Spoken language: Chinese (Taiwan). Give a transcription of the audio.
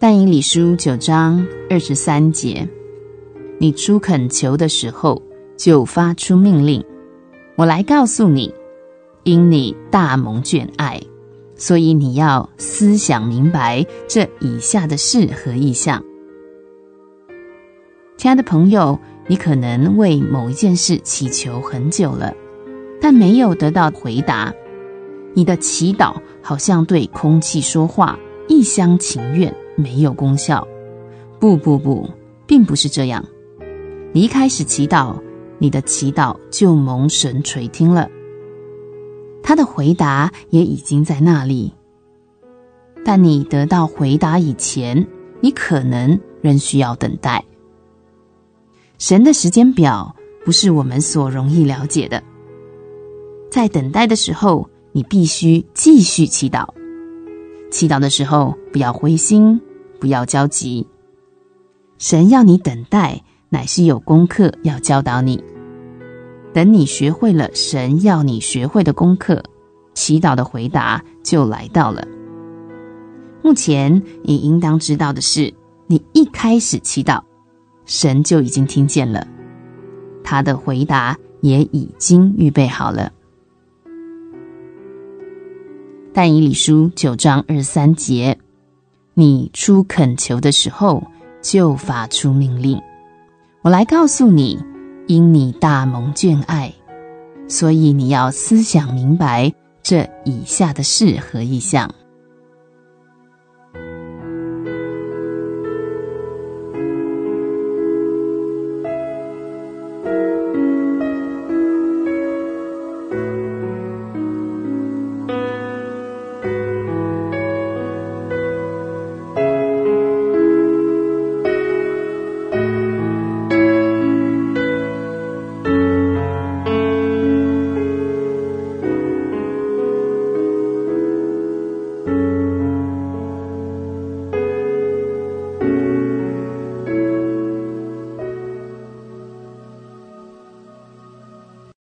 但以理書九章二十三節，你初懇求的時候，就發出命令。我來告訴你，因你大蒙眷愛，所以你要思想明白這以下的事和異象。」親愛的朋友，你可能為某一件事祈求很久了，但沒有得到回答。你的祈禱好像對空氣說話，一廂情願。沒有功效。不不不，並不是這樣。你一開始祈禱，你的祈禱就蒙神垂聽了，他的回答也已經在那裡。但你得到回答以前，你可能仍需要等待。神的時間表不是我們所容易了解的。在等待的時候，你必須繼續祈禱。祈禱的時候，不要灰心。不要焦急，神要你等待，乃是有功課要教導你。等你學會了神要你學會的功課，祈禱的回答就來到了。目前你應當知道的是，你一開始祈禱，神就已經聽見了，他的回答也已經預備好了。但以理書九章二十三節。你初懇求的時候，就發出命令。我來告訴你，因你大蒙眷愛，所以你要思想明白這以下的事和異象。